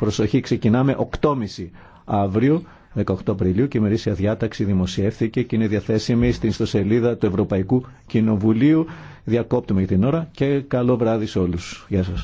Προσοχή, ξεκινάμε 8.30 αύριο, 18 Απριλίου και η μερίσια διάταξη δημοσιεύθηκε και είναι διαθέσιμη στην ιστοσελίδα του Ευρωπαϊκού Κοινοβουλίου. Διακόπτουμε για την ώρα και καλό βράδυ σε όλους. Γεια σας.